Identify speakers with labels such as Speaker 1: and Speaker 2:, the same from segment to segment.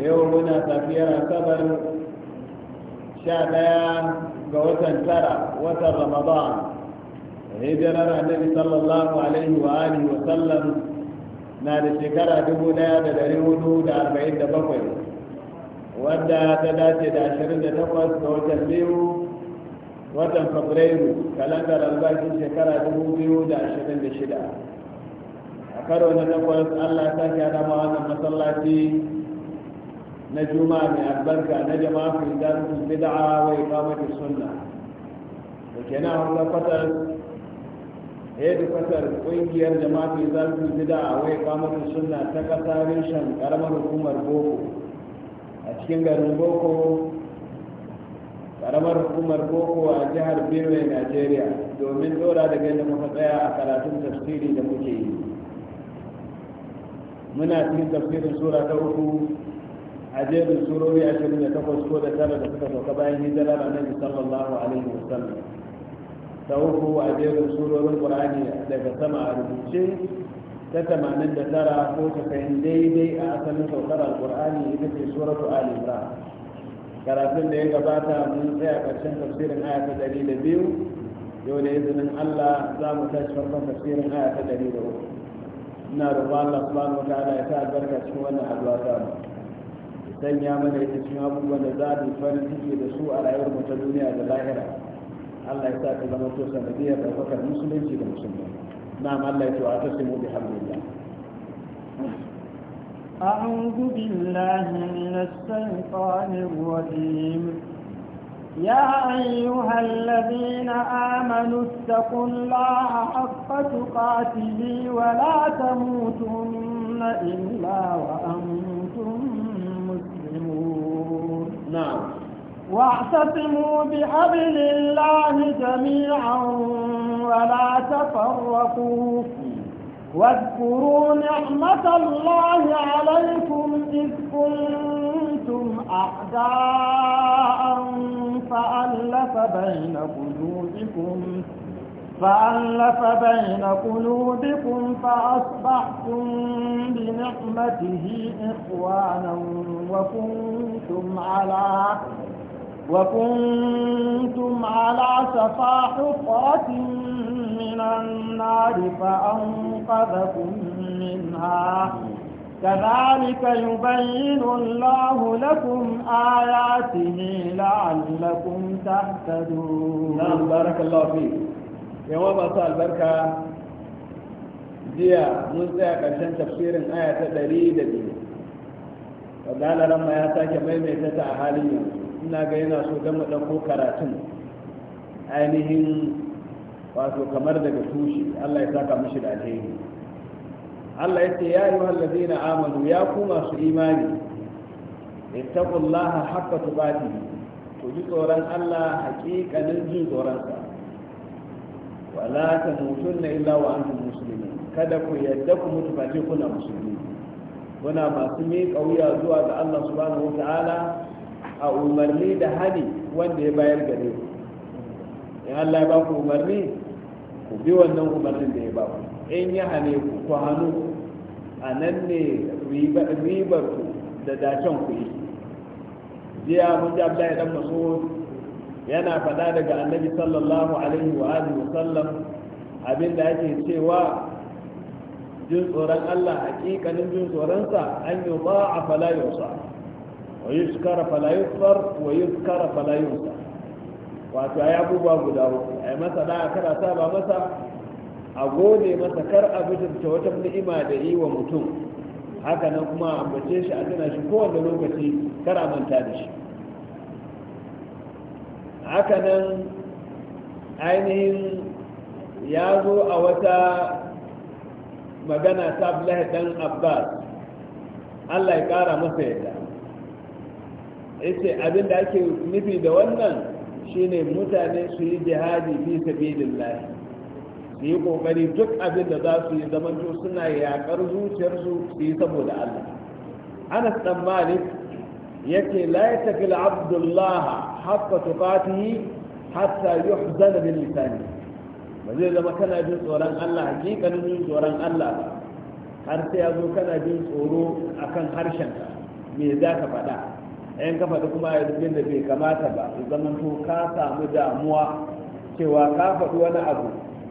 Speaker 1: yau muna safiyar asabar sha daya ga watan tara watan ramadan hijirar annabi sallallahu alaihi wa alihi wa sallam na da shekara dubu daya da dari hudu da arba'in da bakwai wadda ta dace da ashirin da takwas ga watan biyu watan fabrairu kalandar albashin shekara dubu biyu da ashirin da shida a karo na takwas allah ta kyara ma wannan masallaci na juma'a mai albarka na jama'a fi da'a bid'a wa iqamati sunna da kenan Allah fatar eh da fatar kungiyar jama'a fi darul bid'a wa iqamati sunna ta kasarin shan karamar hukumar boko a cikin garin boko karamar hukumar boko a jihar benue nigeria domin dora da ganin muka tsaya a karatun tafsiri da muke yi muna cikin tafsirin sura ta uku a jerin surori ashirin da takwas ko da tara da suka sauka bayan hijira da annabi sallallahu alaihi wasallam ta uku a jerin surorin qur'ani daga sama a rubuce ta tamanin da tara ko ta kayan daidai a asalin saukar alqur'ani ita ce suratu ali imran karatun da ya gabata mun tsaya ƙarshen tafsirin aya ta ɗari da biyu yau da izinin Allah za mu tashi farkon tafsirin aya ta ɗari da uku ina roƙon Allah subhanahu wa ta'ala ya sa albarka cikin wannan addu'a ta mu sanya mana ita cikin abubuwan da za mu farin ciki da su a rayuwar mu ta duniya da lahira Allah ya sa ta zama to sanadiyar ɗaukakar musulunci da musulmi na'am Allah ya ce wa tasimu bihamdillah
Speaker 2: أعوذ بالله من الشيطان الرجيم يا أيها الذين آمنوا اتقوا الله حق تقاته ولا تموتن إلا وأنتم نعم واعتصموا بحبل الله جميعا ولا تفرقوا واذكروا نعمة الله عليكم إذ كنتم أعداء فألف بين قلوبكم فألف بين قلوبكم فأصبحتم بنعمته إخوانا وكنتم على وكنتم على سفا حفرة من النار فأنقذكم منها كذلك يبين الله لكم آياته لعلكم تهتدون نعم بارك الله
Speaker 1: فيك yawa masu albarka jiya mun tsaya ƙarshen tafsirin aya ta ɗari da biyu wadda ma ya sake maimaita ta a halin yanzu ina ga yana so don ko karatun ainihin wato kamar daga tushe allah ya saka mashi da alheri allah ya ce ya yi wallazi na amanu ya ku masu imani ittaqullaha haqqa tubati to ji tsoron allah haƙiƙanin jin tsoronsa wala ta mutun na illa wa antum musulmi? kada ku yadda ku mutu face kuna musulmi kuna masu miƙa wuya zuwa ga Allah subhanahu wa ta'ala a umarni da hani wanda ya bayar gare ku in Allah ya ba ku umarni ku bi wannan umarnin da ya ba ku in ya hane ku ku hannu a nan ne ribar ku da dacen ku yi jiya mun ji Abdullahi dan Mas'ud yana faɗa daga annabi sallallahu alaihi wa alihi wa sallam abinda yake cewa jin tsoron Allah hakikanin jin tsoronsa an yi ba a falayonsa wa yi shukara falayonsa wa yi shukara falayonsa wato ya abubuwa guda uku a yi masa da kada saba masa a gode masa kar a bitinta wata ni'ima da yi wa mutum haka nan kuma a ambace shi a tuna shi kowane lokaci kar a manta da shi hakanan ainihin ya zo a wata magana ta Abdullahi dan Abbas Allah ya kara masa yadda yace abin da ake nufi da wannan shine mutane su yi jihadi fi sabilillah su yi kokari duk abin da za su yi suna yakar zuciyarsu su yi saboda Allah Anas dan Malik yake la yatafi haqqa tuqatihi hatta yuhzana bil lisani ba zai zama kana jin tsoron Allah hakikanin jin tsoron Allah ba har sai ya zo kana jin tsoro akan harshen ka me za ka faɗa 'yan ka faɗi kuma ya zubin da bai kamata ba su zama to ka samu damuwa cewa ka faɗi wani abu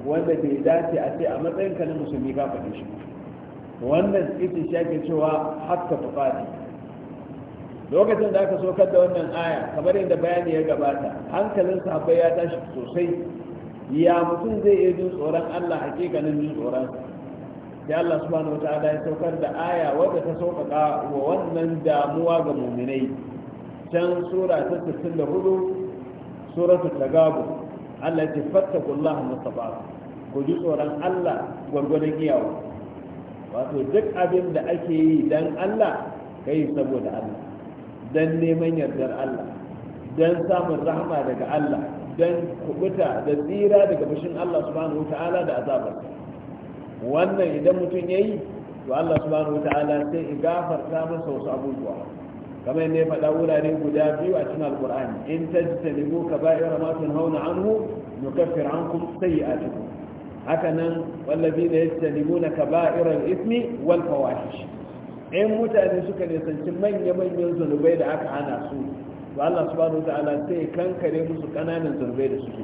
Speaker 1: wanda bai dace a ce a matsayin ka na musulmi ka faɗi shi wannan ita shi ake cewa hatta tukati lokacin da aka sokar da wannan aya kamar yadda bayani ya gabata hankalin sahabbai ya tashi sosai ya mutum zai iya jin tsoron Allah hakikanin jin tsoron sai Allah subhanahu ta'ala ya saukar da aya wadda ta sauƙaƙa wa wannan damuwa ga muminai can sura ta 64 suratul tagabu Allah ya ce kullahu mustafa ku ji tsoron Allah gwargwadon iyawa wato duk abin da ake yi dan Allah kai saboda Allah don neman yardar Allah don samun rahama daga Allah don kubuta da tsira daga bishin Allah subhanahu ta'ala da azabar wannan idan mutum ya yi to Allah subhanahu ta'ala sai in gafarta masa wasu abubuwa kamar yadda ya faɗa wurare guda biyu a cikin alkur'ani in ba kaba'ira masu tunhauna anhu nukaffir a sayyi'atikum haka nan wallazina yajtanibuna kaba'ira al-ithmi wal fawahish in mutane suka nisanci manya-manyan zunubai da aka hana su to Allah subhanahu ta'ala sai kankare musu kananan zunubai da suke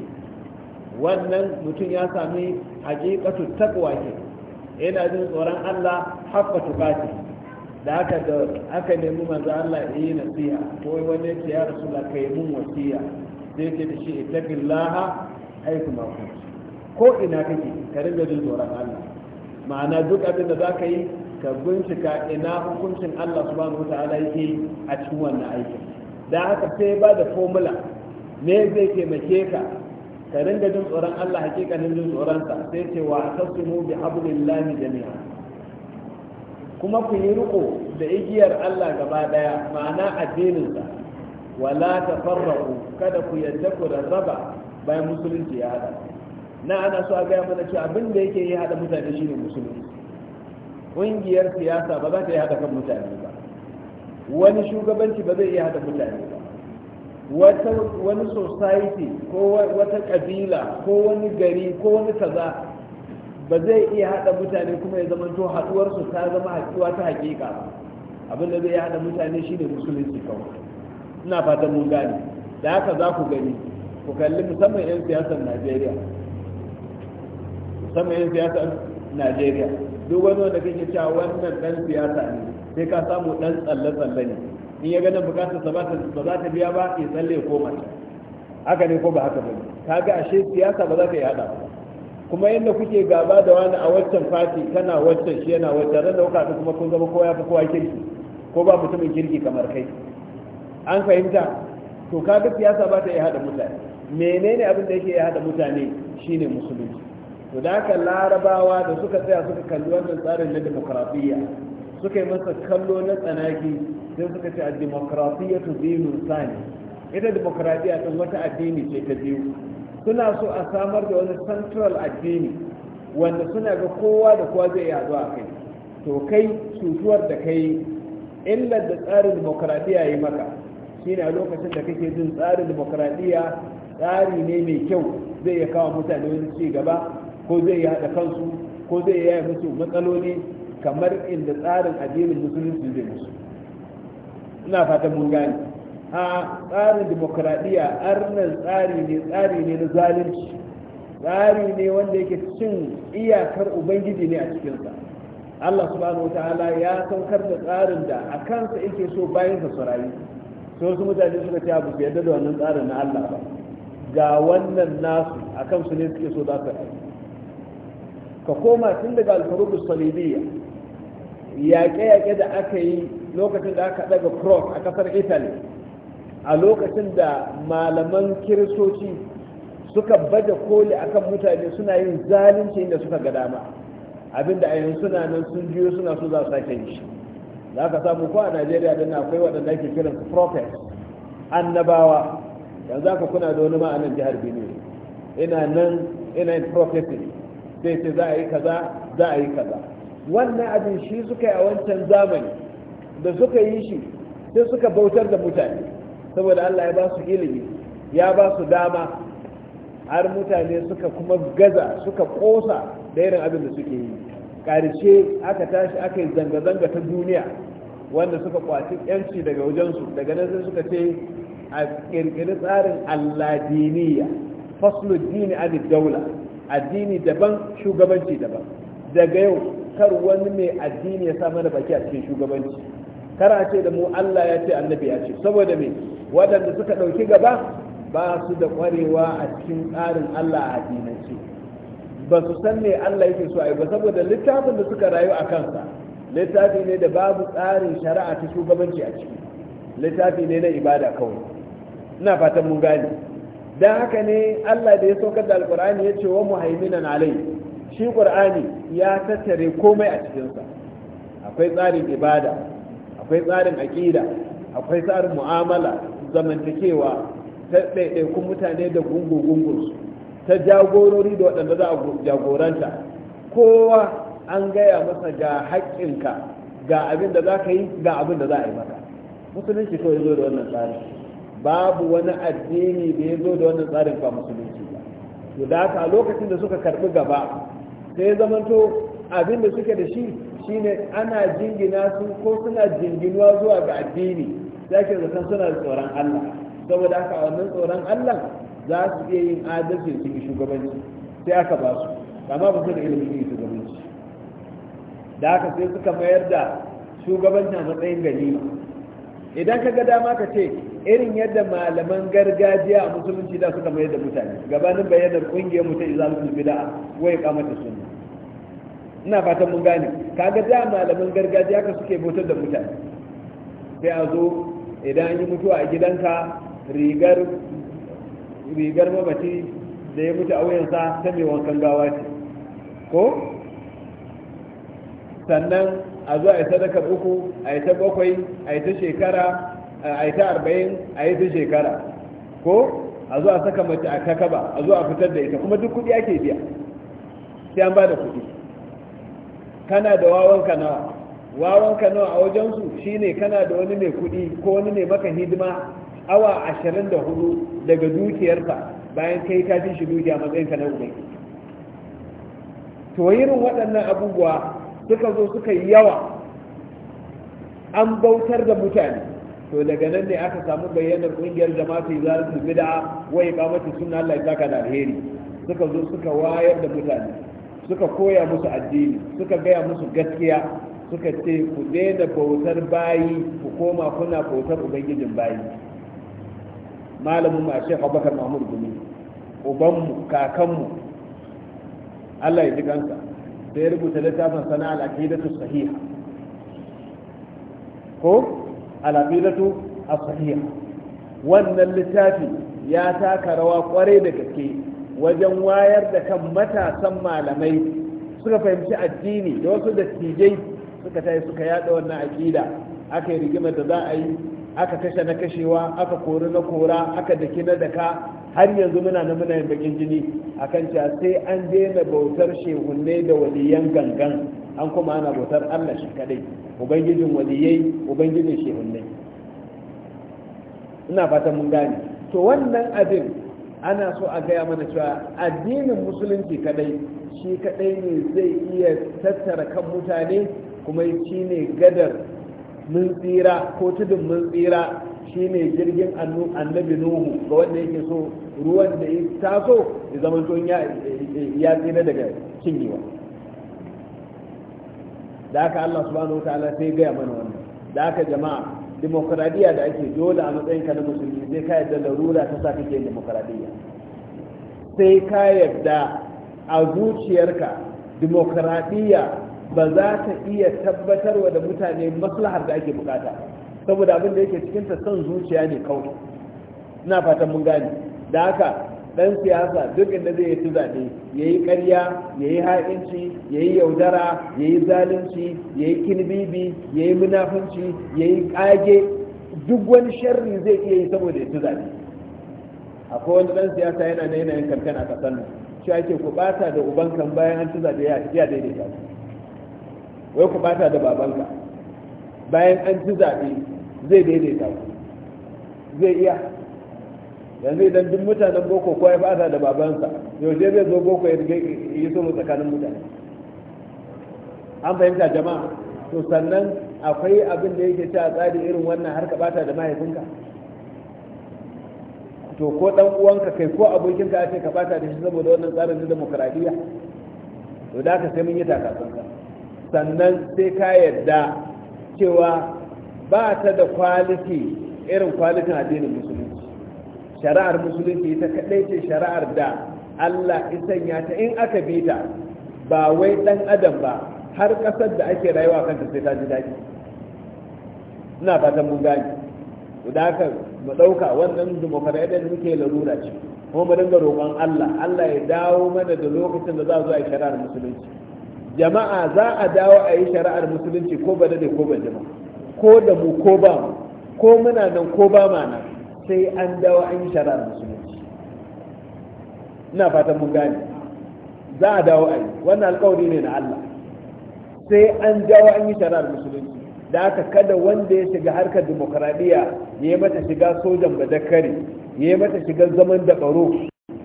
Speaker 1: wannan mutum ya sami hakikatu takwa ke yana jin tsoron Allah haqqa tuqati da aka da aka nemi manzo Allah ya yi nasiha ko wani yake ya rasula kai mun wasiya sai ke da shi ittaqillaha haythu ma kunt ko ina kake ka ringa jin tsoron Allah ma'ana duk abin da zaka yi ka bincika ina hukuncin Allah subhanahu wa ta'ala yake a cikin wannan aikin da haka sai ba da formula me zai taimake ka ka ringa jin tsoron Allah hakikanin jin tsoron sa sai ce wa tasmu bi hablillahi jami'a kuma ku yi riko da igiyar Allah gaba daya ma'ana sa wala tafarraqu kada ku yadda ku raba bayan musulunci ya hada na ana so a gaya mana cewa abin da yake yi hada mutane shine musulunci ƙungiyar siyasa ba za ta yi haka kan mutane ba wani shugabanci ba zai iya haka mutane ba wani society ko wata kabila ko wani gari ko wani kaza ba zai iya haɗa mutane kuma ya zama to su ta zama haɗuwa ta haƙiƙa abin da zai haɗa mutane shine musulunci kawai ina fatan mun gane da haka za ku gani ku kalli musamman 'yan siyasar najeriya musamman 'yan siyasar najeriya duk wani wanda kake cewa wannan dan siyasa ne sai ka samu dan tsalle tsalle ne in ya ganin bukatar sa ba za ta biya ba ya tsalle ko mata. haka ne ko ba haka bane kaga ashe siyasa ba za ka yi hada ba kuma yadda kuke gaba da wani a waccan fati kana waccan shi yana waccan ran da kuka kuma kun zama kowa fi kowa kirki ko ba mutumin kirki kamar kai an fahimta to kaga siyasa ba ta yi hada mutane menene abin da yake yi hada mutane shine musulunci to da larabawa da suka tsaya suka kalli wannan tsarin na demokradiyya suka yi masa kallo na tsanaki sai suka ce a demokradiyya ta zinu sani ita demokradiyya ɗin wata addini ce ta biyu suna so a samar da wani central addini wanda suna ga kowa da kowa zai yazo a kai to kai cutuwar da kai illar da tsarin demokradiyya yi maka shine a lokacin da kake jin tsarin demokradiyya tsari ne mai kyau zai iya kawo mutane wani ci gaba ko zai yi haɗa kansu ko zai yaya musu matsaloli kamar inda tsarin addinin musulunci zai musu ina fatan mun gane a tsarin demokradiyya arnan tsari ne tsari ne na zalunci tsari ne wanda yake cin iyakar ubangiji ne a cikinsa allah subhanahu ta'ala ya saukar da tsarin da a kansa yake so bayan sa surayi so su mutane suka ce abu su yadda da wannan tsarin na allah ba ga wannan nasu a kansu ne suke so za su rayu ka koma tun daga alfarubu salibiya yaƙe-yaƙe da aka yi lokacin da aka ɗaga cross a ƙasar italy a lokacin da malaman kiristoci suka baje koli a kan mutane suna yin zalunci inda suka ga dama abinda a yanzu suna nan sun biyo suna so za su sake yi za ka samu ko a najeriya dana akwai waɗanda ake kiran su prophet annabawa yanzu aka kuna da wani ma'anar jihar Benin. ina nan ina yin ne. sai ce za a yi kaza za a yi kaza wannan abin shi suka yi a wancan zamani da suka yi shi sai suka bautar da mutane saboda Allah ya ba su ilimi ya ba su dama har mutane suka kuma gaza suka kosa da irin abin da suke yi karshe aka tashi aka yi zanga-zanga ta duniya wanda suka kwaci yanci daga wajensu daga nan sai suka ce a kirkiri tsarin alladiniya faslu dini an daula addini daban shugabanci daban daga yau kar wani mai addini ya sa mana baki a cikin shugabanci kar ce da mu Allah ya ce annabi ya ce saboda me waɗanda suka ɗauki gaba ba su da ƙwarewa a cikin tsarin Allah a addinance ba su san me Allah yake so a ba saboda littafin da suka rayu a kansa littafi ne da babu tsarin shari'a ta shugabanci a ciki littafi ne na ibada kawai ina fatan mun gane dan haka ne Allah da ya saukar da alqur'ani ya ce wa muhaiminan alai shi qur'ani ya tattare komai a cikin sa akwai tsarin ibada akwai tsarin aqida akwai tsarin mu'amala zamantakewa ta ɗaiɗaikun mutane da gungu gungu ta jagorori da waɗanda za a jagoranta kowa an gaya masa ga haƙƙinka ga abin da za ka yi ga abin da za a yi maka musulunci kawai zo da wannan tsari. babu wani addini da ya zo da wannan tsarin ba musulunci ba to da haka a lokacin da suka karbi gaba sai ya zamanto abin da suke da shi shine ana jingina su ko suna jinginuwa zuwa ga addini sai ke zaton suna da tsoron Allah saboda haka a wannan tsoron Allah za su iya yin adalci su yi shugabanci sai aka ba su amma ba su da ilimin yin shugabanci da haka sai suka mayar da shugabancin a matsayin gani idan ka ga dama ka ce irin yadda malaman gargajiya a musulunci da suka mayar da mutane gabanin bayanar kungiyar mu ta da bid'a wai kamata sunna ina fatan mun gane kaga da malaman gargajiya ka suke bautar da mutane sai a zo idan an yi mutuwa a gidanka rigar rigar mamaci da ya mutu a wuyansa ta mai wankan gawa ce ko sannan a zo a yi sadakar uku a yi ta bakwai a yi ta shekara a yi ta arba'in a yi ta shekara ko a zo a saka mace a kakaba a zo a fitar da ita kuma duk kuɗi ake biya sai an ba da kuɗi kana da wawanka nawa wawanka nawa a wajensu shine kana da wani mai kuɗi ko wani ne maka hidima awa ashirin da hudu daga dukiyarka bayan kai ka fi shi dukiya ka na ubangiji to irin waɗannan abubuwa suka zo suka yi yawa an bautar da mutane to daga nan ne aka samu bayyanar kungiyar za su bid'a wa iqamati sunna Allah ya saka da alheri suka zo suka wayar da mutane suka koya musu addini suka gaya musu gaskiya suka ce ku daina bautar bayi ku koma kuna bautar ubangijin bayi malamin ma shi abubakar mahmud gumi ubanmu kakanmu Allah ya ji kansa ya rubuta littafin sana'al aqidatu sahiha ko al'aqidatu as wannan littafi ya taka rawa kwarai da gaske wajen wayar da kan matasan malamai suka fahimci addini da wasu dattijai suka tayi suka yada wannan aƙida, aka yi rigimar da za a yi aka kashe na kashewa aka kori na kora aka daki na daka har yanzu muna na muna yin bakin jini akan cewa sai an daina bautar shehunne da waliyan gangan an kuma ana bautar Allah shi kadai ubangijin waliyai ubangijin shehunai ina fatan mun gane to wannan abin ana so a gaya mana cewa addinin musulunci kadai shi kadai ne zai iya tattara kan mutane kuma shi ne gadar mun tsira ko tudun mun tsira shi ne jirgin annabi nuhu ga wanda yake so ruwan da ya taso ya zama ya tsira daga cinyewa da haka Allah subhanahu ta'ala sai gaya mana wannan da haka jama'a demokradiyya da ake dole a matsayin ka na musulmi sai ka yarda larura ta sa kake yin demokradiyya sai ka yarda a zuciyarka demokradiyya ba za ta iya tabbatar wa da mutane maslahar da ake bukata saboda abin da yake cikin ta son zuciya ne kawai ina fatan mun gane da haka dan siyasa duk inda zai yi zaɓe ya yi ƙarya ya yi ha'inci ya yi yaudara ya yi zalunci ya yi kinbibi ya yi munafunci ya yi ƙage duk wani sharri zai iya yi saboda ya ci akwai wani ɗan siyasa yana da yanayin kankan a ƙasar nan shi ake ku ɓata da ubankan bayan an ci ya ya daidaita wai ku ɓata da babanka bayan an ci zaɓe zai daidaita ku zai iya yanzu idan duk mutanen boko ko ya fasa da babansa yaushe zai zo boko ya yi so tsakanin mutane an fahimta jama'a to sannan akwai abin da yake cewa tsari irin wannan har ka bata da mahaifinka to ko dan uwanka kai ko abokinka a ce ka bata da shi saboda wannan tsarin na demokradiya to da ka sai mun yi takasanka sannan sai ka yadda cewa ba ta da kwaliti irin kwalitin addinin musulmi shari'ar musulunci ita kaɗai ce shari'ar da Allah isanya ta in aka bi ta ba wai ɗan adam ba har ƙasar da ake rayuwa kan ta sai ta ji daɗi ina fatan mun gani da haka mu ɗauka wannan dimokuraɗiyar da muke larura ce kuma mu dinga roƙon Allah Allah ya dawo mana da lokacin da za a zo a yi shari'ar musulunci jama'a za a dawo a yi shari'ar musulunci ko ba da ko ba jama'a ko da mu ko ba mu ko muna nan ko ba ma nan sai an dawo an yi da musulunci ina fatan mun gane za a dawo a yi wannan alkawari ne na Allah sai an dawo an yi shara da musulunci da aka kada wanda ya shiga harkar demokradiyya ya yi mata shiga sojan badakare ya yi mata shiga zaman da baro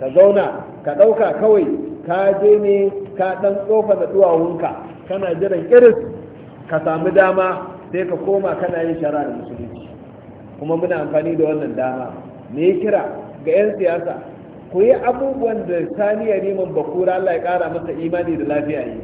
Speaker 1: ka zauna ka ɗauka kawai ka je ne ka ɗan tsofa da duwawunka kana jiran iris ka sami dama sai ka koma kana yin shara da musulunci kuma muna amfani da wannan dama me kira ga 'yan siyasa ku yi abubuwan da saniya neman bakura Allah ya kara masa imani da lafiya yi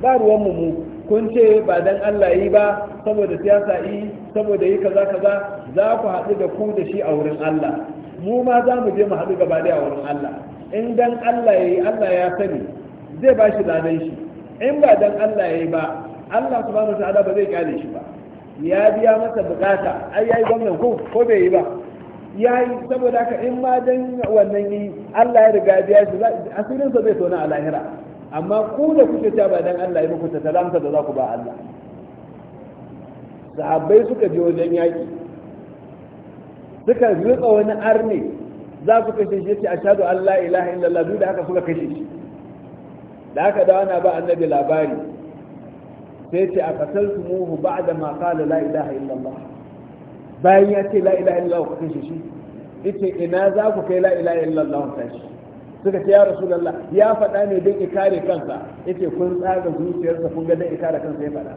Speaker 1: ba ruwan mu kun ce ba dan Allah yi ba saboda siyasa yi saboda yi kaza kaza za ku haɗu da ku da shi a wurin Allah mu ma za mu je mu haɗu gaba da a wurin Allah in dan Allah ya yi Allah ya sani zai ba shi ladan shi in ba dan Allah ya yi ba Allah subhanahu wa ta'ala ba zai kyale shi ba ya biya masa bukata ai yayi gwamnan ko ko bai yi ba ya yi saboda haka in ma dan wannan yi Allah ya riga biya shi asirin sa zai tona a lahira amma ku da kuke ta ba dan Allah ya muku ta talamta da za ku ba Allah sahabbai suka je wajen yaki suka rika wani arne za su kashe shi yace ashhadu an la ilaha illallah duk da haka suka kashe shi da haka da na ba annabi labari sai ce a kataltu muhu ba'da da qala la ilaha illallah bayan ya ce la ilaha illallah ku kashe shi ita ina za ku kai la ilaha illallah ku kashe suka ce ya rasu rasulullah ya faɗa ne don ikare kansa yace kun tsaga zuciyarsa kun ga don ikare kansa ya faɗa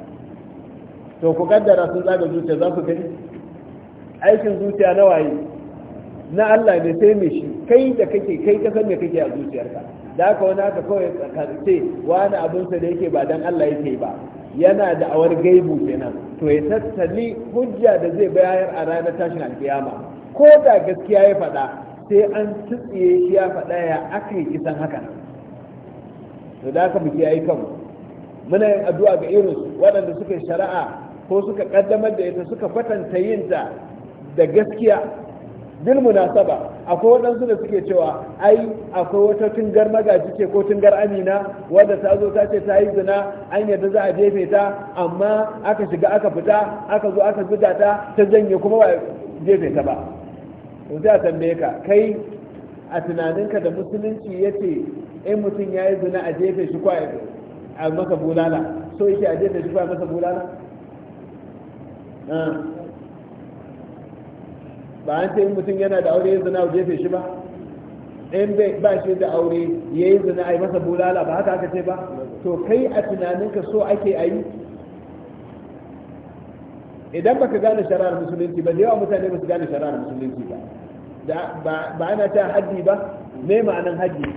Speaker 1: to ku kaddara sun tsaga zuciya za ku gani aikin zuciya na waye na Allah ne sai mai shi kai da kake kai ka san me kake a zuciyarka da haka wani haka kawai tsakarce wani abinsa da yake ba dan Allah yake ba yana da awar gaibu kenan to ya tattali hujja da zai bayar a ranar tashin alkiyama ko da gaskiya ya faɗa sai an tsitsiye shi ya faɗa ya aka yi kisan haka to da aka muke yi kanmu muna yin addu'a ga irin waɗanda suka shari'a ko suka ƙaddamar da ita suka kwatanta yinta da gaskiya bil munasaba akwai waɗansu da suke cewa ai akwai wata tungar magaji ce ko tungar amina wadda ta zo ta ce ta yi zina an yadda za a jefe ta amma aka shiga aka fita aka zo aka zuga ta ta janye kuma ba jefe ta ba to sai a tambaye ka kai a tunaninka da musulunci ya ce in mutum ya yi zina a jefe shi kwa a masa bulala so yake a jefe shi kwa a masa bulala ah. ba an ce mutum yana da aure ya zina a jefe shi ba in bai ba shi da aure ya yi zina a yi masa bulala ba haka aka ce ba to kai a tunaninka so ake a yi idan baka gane shara'ar musulunci ba da yawa mutane ba su gane shara'ar musulunci ba ba ana ta hajji ba me ma'anan hajji?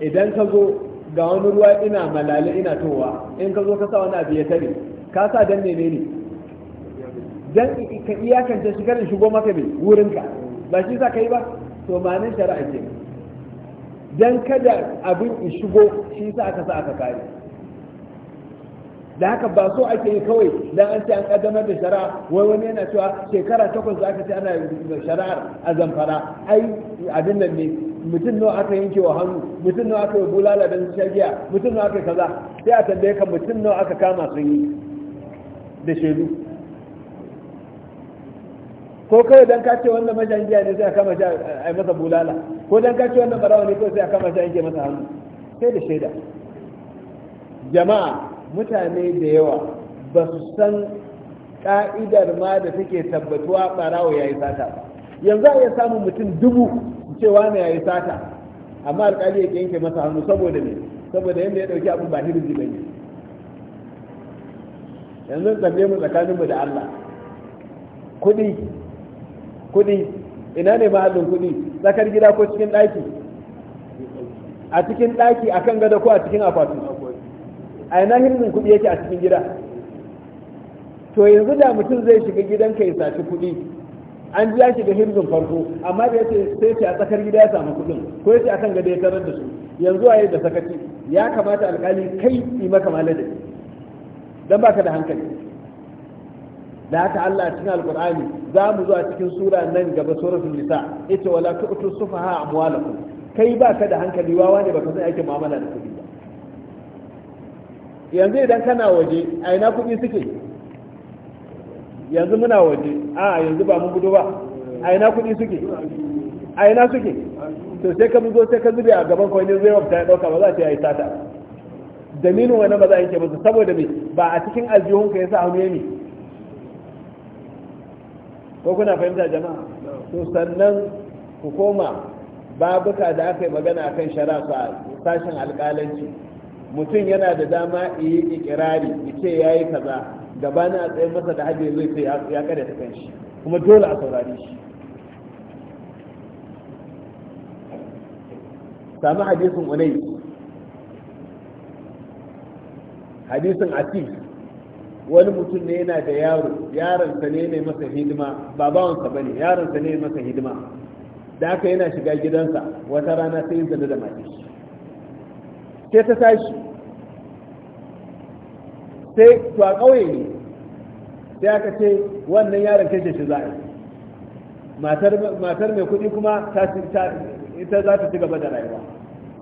Speaker 1: idan ka zo ga wani ruwa ina malale ina towa in ka zo ka sa wani abu ya tare ka sa dan menene ne dan ka iyakance shi karin shigo maka wurin ka. ba shi sa kai ba to manin shari'a ce. dan kada abin in shigo shi sa aka sa aka kare da haka ba so ake yi kawai dan an ce an kaddamar da shari'a wai wani yana cewa shekara takwas za aka ce ana shari'ar a zamfara ai abin nan ne mutum nawa aka yanke wa hannu mutum nawa aka yi bulala don shagiya mutum nawa aka kaza sai a tambaye ka mutum nawa aka kama sun yi da shaidu ko kawai dan ka ce wannan mashayin giya ne sai a kama shi a masa bulala ko dan ka ce wannan barawa ne sai a kama shi a yanke masa hannu sai da shaida jama'a mutane da yawa ba su san ka'idar ma da take tabbatuwa barawa ya yi sata yanzu a iya samun mutum dubu cewa ne ya yi sata amma alƙali ya yanke masa hannu saboda ne saboda yadda ya ɗauki abin ba hirzi ba ne yanzu tsalle mu tsakaninmu da Allah kuɗi kuɗi ina ne mahallin kuɗi tsakar gida ko cikin ɗaki a cikin ɗaki a kan gado ko a cikin akwati a ina hirin kuɗi yake a cikin gida to yanzu da mutum zai shiga gidanka ya saci kuɗi an ji shi da hirin farko amma da yace sai ce a tsakar gida ya samu kuɗin ko yace akan gado ya tarar da su yanzu a da sakaci ya kamata alkali kai yi maka malade dan baka da hankali da haka Allah cikin alkur'ani za mu zuwa cikin sura nan gaba suratul nisa ita wala tu'tu sufaha amwalakum kai ka da hankali wawa ne baka san aikin mu'amala da kuɗi ba yanzu idan kana waje a ina kuɗi suke yanzu muna waje a yanzu ba mun gudu ba a ina kuɗi suke a ina suke to sai ka zo sai ka zube a gaban kawai ne zai wata ya ɗauka ba za ta yi sata dalilin wannan ba za a ke ba saboda me ba a cikin aljihun ka yasa hannu ya ne ko kuna fahimta jama'a to sannan ku koma babuka da aka yi magana a kan shari'a a sashen alƙalanci mutum yana da dama yi ikirari ya ce ya yi kaza gabanin a tsayin masa da hajji zai sai ya kare ta kanshi kuma dole a saurari shi sami hadisin unai hadisin atif wani mutum ne yana da yaro yaronsa ne mai masa hidima ba bawansa bane yaronsa ne masa hidima da haka yana shiga gidansa wata rana sai yin zane da mace sai ta tashi sai to a ƙauye ne sai aka ce wannan yaron kashe shi za a matar mai kuɗi kuma ita za ta ci gaba da rayuwa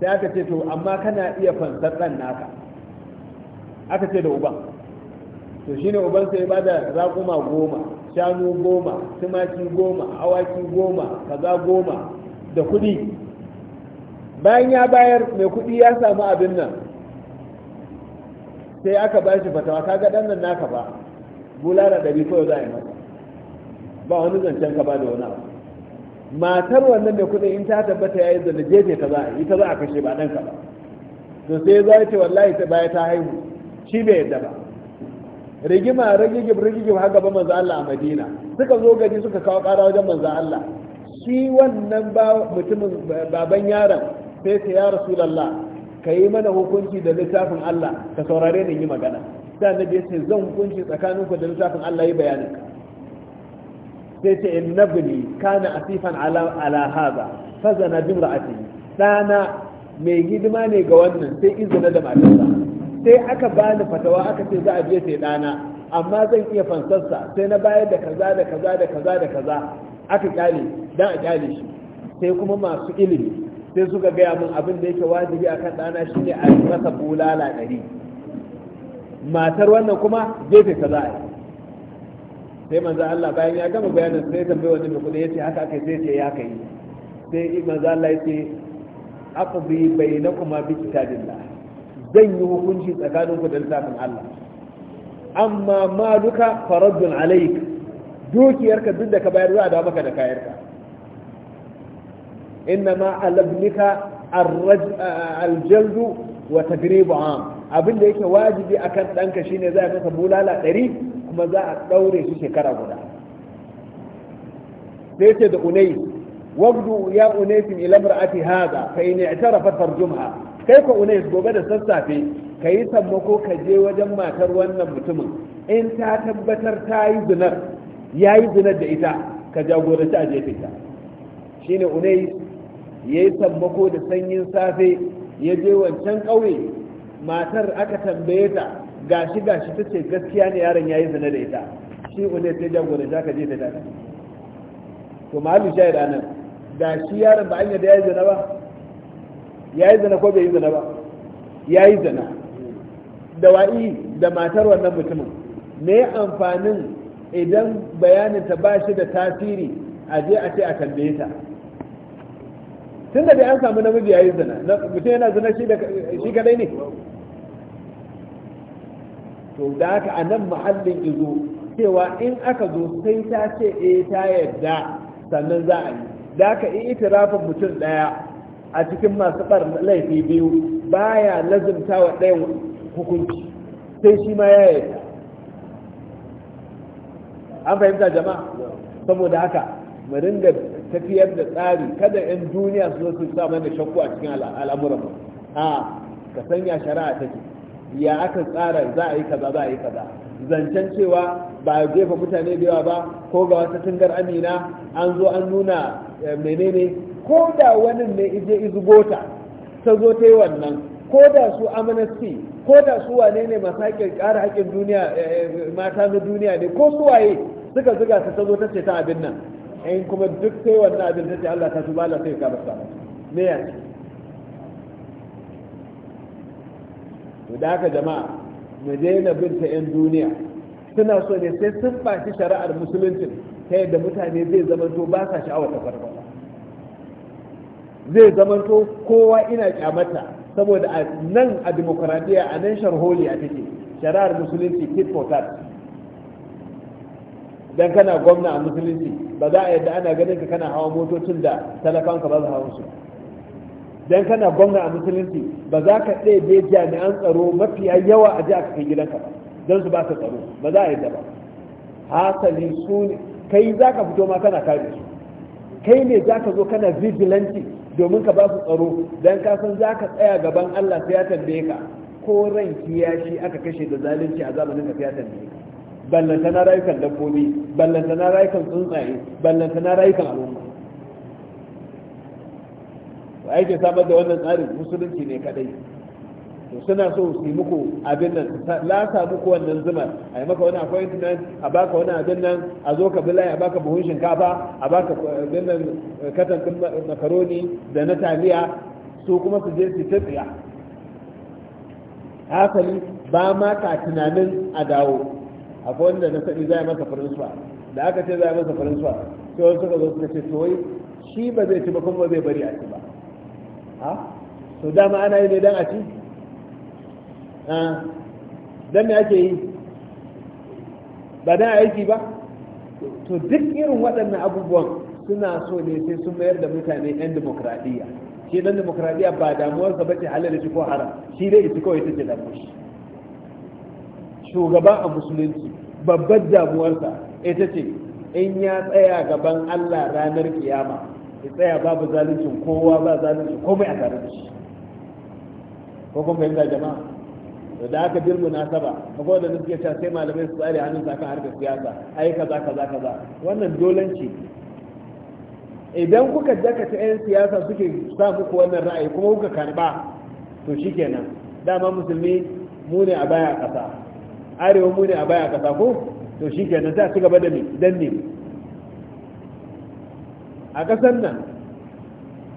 Speaker 1: sai aka ce to amma kana iya fansar ɗan naka aka ce da uban to shine ubansa ya bada raƙuma goma shanu goma tumaki goma awaki goma kaza goma da kuɗi bayan ya bayar mai kuɗi ya samu abin nan sai aka ba shi fatawa kaga ɗan nan naka ba da ɗari kawai za a yi masa ba wani zancen ka ba da wani abu matar wannan mai kuɗi in ta tabbata ya yi zanda jefe ta za a yi ta za a kashe ba ka ba to sai za ce wallahi ta baya ta haihu shi bai yadda ba rigima rigigib rigigib haka ba manzo Allah a Madina suka zo gari suka kawo ƙara wajen manzo Allah shi wannan ba mutumin baban yaron sai ta ya rasulullah ka yi mana hukunci da littafin Allah ka saurare ni yi magana sai annabi ya ce zan hukunci tsakanin ku da littafin Allah yi bayanin sai ce innabni kana asifan ala ala hada fazana bi dana mai hidima ne ga wannan sai izina da matarsa sai aka bani fatawa aka ce za a je sai dana amma zan iya fansarsa sai na bayar da kaza da kaza da kaza da kaza aka kyale dan a kyale shi sai kuma masu ilimi sai suka gaya mun abin da yake wajibi akan dana shine a masa bulala ɗari matar wannan kuma gefe kaza sai manzo Allah bayan ya gama bayanin sai tambaye wani mai kudi yace haka kai sai ce ya kai sai manzo Allah yace aqbi bainakuma bi kitabillah zan yi hukunci tsakanin ku da lissafin Allah amma maluka faraddun alaik dukiyarka duk da ka bayar za a dawo maka da kayarka innama alabnika aljaldu wa tagribu am abin da yake wajibi akan ɗanka shine za a masa bulala ɗari kuma za a ɗaure shi shekara guda sai ce da unai wabdu ya unaisin ila ati haza fa in i'tarafa tarjumha kai ko une gobe da sassafe ka yi sammako ka je wajen matar wannan mutumin in ta tabbatar ta yi zinar ya yi zinar da ita ka jagoranci a jefe ta shi ne une ya yi sammako da sanyin safe ya je wancan ƙauye matar aka tambaye ta gashi gashi ta ce gaskiya ne yaron ya yi zina da ita shi une sai jagoranci aka je ta ta to malu shahid anan gashi yaron ba an yadda ya yi zina ba ya yi zana ko bai yi zana ba ya yi zana. da wa'i da matar wannan mutumin me amfanin idan bayanin ta ba shi da tasiri a je a ce a tambaye ta tun da dai an samu namiji ya yi zana, mutum yana zana shi kadai ne to da haka a nan muhallin izo cewa in aka zo sai ta ce e ta yadda sannan za a yi da haka in itirafin mutum daya a cikin masu na laifi biyu ba ya lazimta wa ɗayan hukunci sai shi ma ya yi an fahimta jama'a saboda haka mu da tafiyar da tsari kada 'yan duniya su su sa mana shakku a cikin al'amuranmu a ka sanya shari'a take ya aka tsara za a yi kaza za a yi kaza zancen cewa ba a jefa mutane da yawa ba ko ga wata tungar amina an zo an nuna eh, menene ko da wani ne ije izugota ta zo ta yi wannan ko da su amnesty ko da su wane ne masu haƙƙin ƙara haƙƙin duniya eh, mata na duniya ne ko su waye suka zuga su ta zo ta ce ta abin nan in eh, kuma duk sai wannan abin ta ce Allah ta tuba Allah sai ka basta me ya ce da haka jama'a mu daina bin ta 'yan duniya suna so ne sai sun faci shari'ar musulunci ta yadda mutane zai zama to ba sa sha'awar ta farko zai zamanto kowa ina kyamata saboda a nan a demokaradiyya a nan a take shari'ar musulunci tit for tat dan kana gwamna a musulunci ba za a yadda ana ganin ka kana hawa motocin da talakanka ba za hawa su dan kana gwamna a musulunci ba za ka ɗebe jami'an tsaro mafiya yawa a ji a kai gidanka ba don su ba su tsaro ba za a yadda ba hasali su ne kai za ka fito ma kana kare su kai ne za ka zo kana vigilante domin ka ba su tsaro dan ka san za ka tsaya gaban Allah sai ya tambaye ka ko ran kiyashi aka kashe da zalunci a zamanin ka sai ya tambaye ka ballanta na rayukan dabbobi ballanta na rayukan tsuntsaye ballanta na rayukan al'umma aikin samar da wannan tsarin musulunci ne kadai to suna so su yi muku abin nan lasa muku wannan zuma a yi maka wani appointment a baka wani abin nan a zo ka layi a baka buhun shinkafa a baka eh, abin nan eh, katan makaroni da na taliya su kuma su je su tafiya hasali ba ma ka tunanin a dawo akwai wanda na sani za a masa faransuwa da aka ce za a masa faransuwa sai wani suka zo suka ce to wai shi ba zai ci ba kuma zai bari a ci ba ha to dama ana yi ne dan a ci Ah. dan me ake yi ba dan aiki ba to duk irin waɗannan abubuwan suna so ne sai sun mayar da mutane 'yan demokradiyya shi dan demokradiyya ba damuwarsa ba bace halal shi ko haram shi dai ita kawai take da shi shugaba a musulunci babbar damuwarsa ita ce in ya tsaya gaban Allah ranar kiyama ya tsaya babu zaluncin kowa ba zaluncin komai a tare da shi ko kuma fahimta jama'a to da aka na saba akwai da suke cewa sai malamai su tsare hannun sa kan harkar siyasa ai kaza kaza kaza wannan dolanci idan kuka dakata yan siyasa suke sa muku wannan ra'ayi kuma kuka karba to shikenan dama musulmi mu ne a baya kasa arewa mu ne a baya kasa ko to shikenan ta su gaba da ni dan ne a kasan nan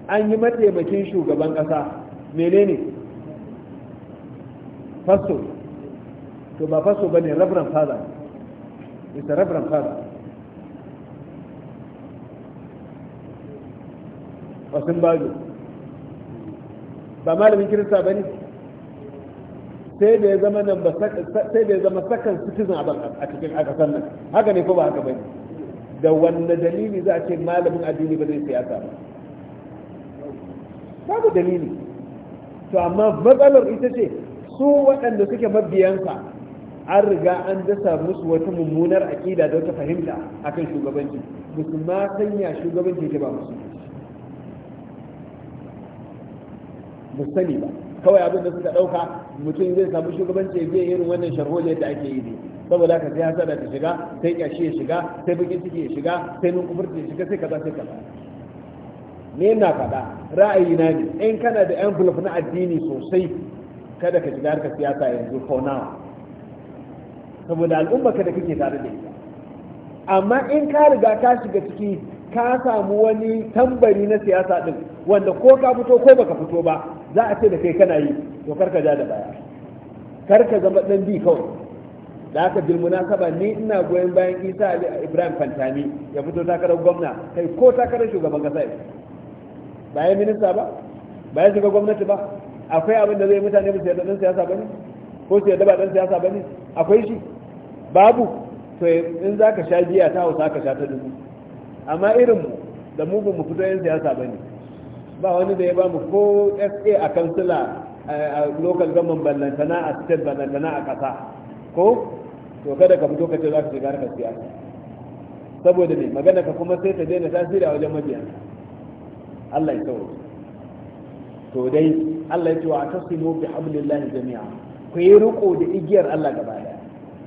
Speaker 1: an yi mataimakin shugaban kasa menene faso to ba faso ba ne reverend father it's a reverend father wasan bajo ba malamin kirista ba ne sai da ya zama nan ba sai da ya zama sakan citizen a cikin akasan nan haka ne ko ba haka ba ne da wanne dalili za a ce malamin addini ba zai siyasa ba babu dalili to amma matsalar ita ce su waɗanda suke mabiyansa an riga an dasa musu wata mummunar aƙida da wata fahimta a kan shugabanci musu ma sanya shugabanci ke ba musu mu sani ba kawai abin da suka ɗauka mutum zai samu shugabanci zai irin wannan sharholi da ake yi ne saboda ka sai hasada ta shiga sai kyashi ya shiga sai bakin ciki ya shiga sai nun kufurci ya shiga sai kaza sai kaza ne na faɗa ra'ayi na ne in kana da envelope na addini sosai kada ka shiga harkar siyasa yanzu for now saboda al'umma kada kake tare da ita amma in ka riga ka shiga ciki ka samu wani tambari na siyasa din wanda ko ka fito ko baka fito ba za a ce da kai kana yi to karka ja da baya karka zama dan bi kawai da aka bil munasaba ni ina goyon bayan Isa Ali Ibrahim fantani ya fito takarar gwamna kai ko takarar shugaban kasa ba ya minista ba ba ya shiga gwamnati ba akwai abin da zai mutane ba su yarda dan siyasa bane ko su yarda ba dan siyasa bane akwai shi babu to in za ka sha biya ta hausa ka sha ta dubu amma irin mu da mu ba mu fito yan siyasa bane ba wani da ya ba mu ko SA a kansila a local government ballantana a state ballantana a kasa ko to kada ka fito ka ce za ka shiga harkar siyasa saboda ne magana ka kuma sai ta daina tasiri a wajen mabiya Allah ya sauke to dai Allah ya ce wa tasimu bi hablillah jami'a ku yi riko da igiyar Allah gaba daya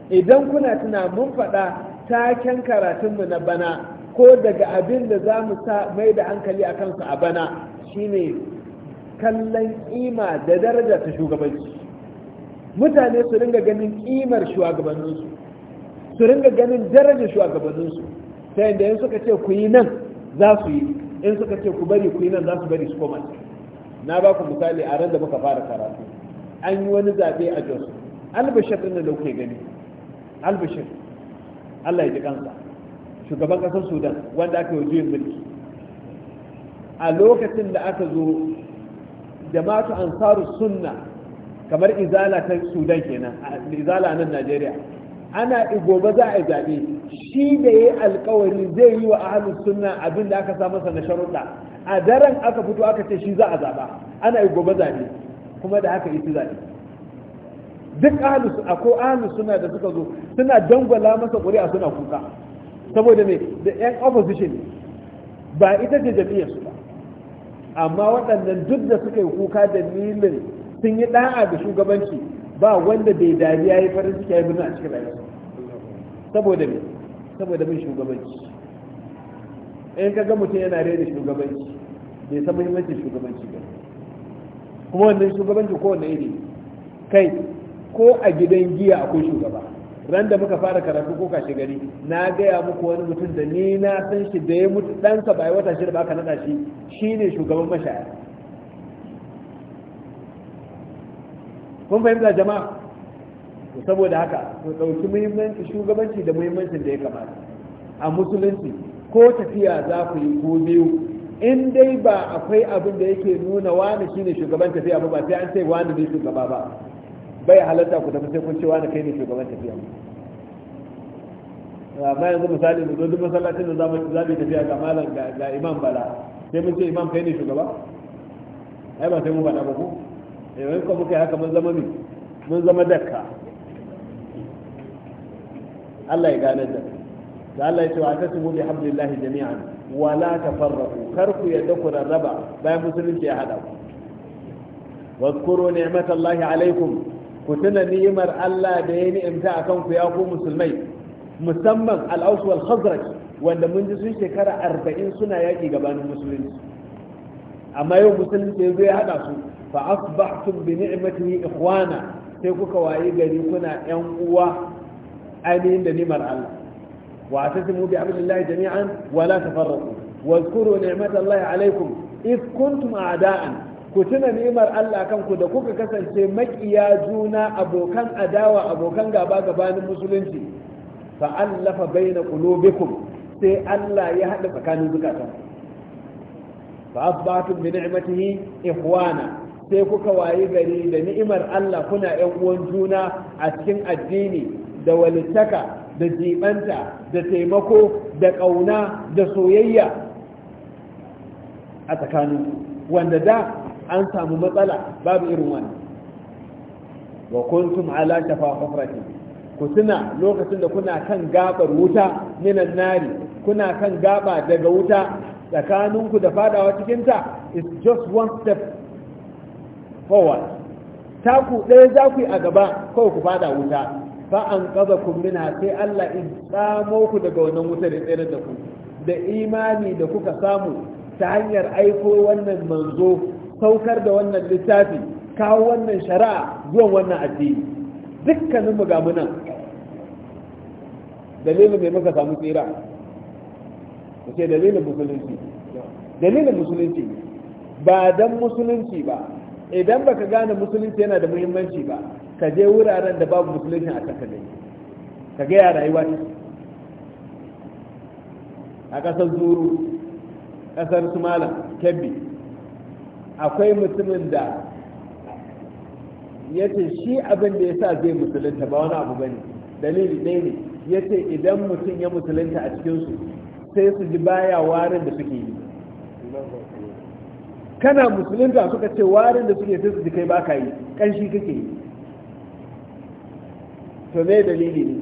Speaker 1: idan kuna tuna mun faɗa taken karatunmu na bana ko daga abin da za mu mai da hankali a kansu a bana shine kallon kima da daraja ta shugabanci mutane su ringa ganin kimar shugabanninsu su ringa ganin darajar shugabanninsu ta yadda in suka ce ku yi nan za su yi in suka ce ku bari ku yi nan za su bari su koma na ba ku misali a ran da muka fara karatu an yi wani zaɓe a jos albashir ɗin da lauke gani albashir allah ya ji kansa shugaban ƙasar sudan wanda aka yi juyin mulki a lokacin da aka zo jama'atu ansaru sunna kamar izala ta sudan kenan izala nan najeriya ana gobe za a zaɓe shi da ya yi alkawari zai yi wa ahalus sunna abin da aka sa masa na sharuɗa a daren aka fito aka ce shi za a zaɓa ana yi gobe zaɓe kuma da haka yi zaɓe duk ahlus ko ahlus suna da suka zo suna dangwala masa ƙuri'a suna kuka saboda me da yan opposition ba ita ce jam'iyyar su ba amma waɗannan duk da suka yi kuka da nilin sun yi ɗa'a da shugabanci ba wanda bai dariya ya farin ciki ya birni a cikin rayuwa saboda me saboda bin shugabanci in ka ga mutum yana rena shugabanci bai san muhimmancin shugabanci ba kuma wannan shugabanci wanne ne kai ko a gidan giya akwai shugaba ran da muka fara karatu ko kashe gari na gaya muku wani mutum da ni na san shi da ya mutu ɗansa ba ya wata shida ba ka naɗa shi shi ne shugaban mashaya kun fahimta jama'a saboda haka ku ɗauki muhimmanci shugabanci da muhimmancin da ya kamata a musulunci ko tafiya za ku yi ko biyu in dai ba akwai abin da yake nuna wani ne shugaban tafiya ba ba sai an ce wani ne shugaba ba bai halatta ku tafi sai kun ce wani kai ne shugaban tafiya ba. amma yanzu misali da duk masallacin da zamu mu tafiya ga malam ga imam bala sai mun ce imam kai ne shugaba ai ba sai mun faɗa ba ku eh wai ko muke haka mun zama mi mun zama dakka Allah ya gane da Allah ya ce wa tasimu bi hablillahi jami'an wala ta farrafu karku yadda ku rarraba bayan musulunci ya haɗa ku wakuro ne matallahi alaikum ku tuna nimar allah da ya ni'imta a kanku ya ku musulmai musamman al'auswal khazraj wanda mun ji sun shekara arba'in suna yaƙi gabanin musulunci amma yau musulunci ya zo ya haɗa su fa asbahtum bi ni'matihi ikhwana sai kuka wayi gani kuna yan uwa ainihin da ni'imar allah واعتصموا بحبل الله جميعا ولا تفرقوا واذكروا نعمة الله عليكم إذ كنتم أعداء كتنا نعمر الله كم كده كوكا كسن سيمك يا جونا أبو كان أداوة أبو كان غابا غبان المسلمين فألف بين قلوبكم سي الله يهدف كان زكاة فأصبحتم بنعمته إخوانا sai kuka waye gari da ni'imar Allah kuna ‘yan uwan juna a cikin addini da walittaka da jibanta da taimako da ƙauna da soyayya a tsakanin wanda da an samu matsala babu irin wani wa kuntum ala shafa hufratin ku tuna lokacin da kuna kan gabar wuta minan nari kuna kan gaba daga wuta tsakaninku da fadawa cikinta is just one step forward taku ɗaya za ku yi a gaba kawai ku fada wuta fa'an ƙaza kummina sai Allah in tsamo ku daga wannan wutar da tsere da ku da imani da kuka samu ta hanyar aiko wannan manzo saukar da wannan littafi kawo wannan shari'a zuwan wannan addini dukkanin mu ga munan dalilin mai muka samu tsira ku ce dalilin musulunci dalilin musulunci ba dan musulunci ba idan baka gane musulunci yana da muhimmanci ba ka je wuraren da babu musulunci a kasa dai ka ga ya rayuwa ta a ƙasar zuru ƙasar sumala kebbi akwai mutumin da ya ce shi abin da ya sa zai musulunta ba wani abu bane dalili ɗaya ne ya ce idan mutum ya musulunta a cikinsu sai su ji baya warin da suke yi kana musulunta suka ce warin da suke sai su ji kai ba ka yi ƙanshi kake yi to me dalili ne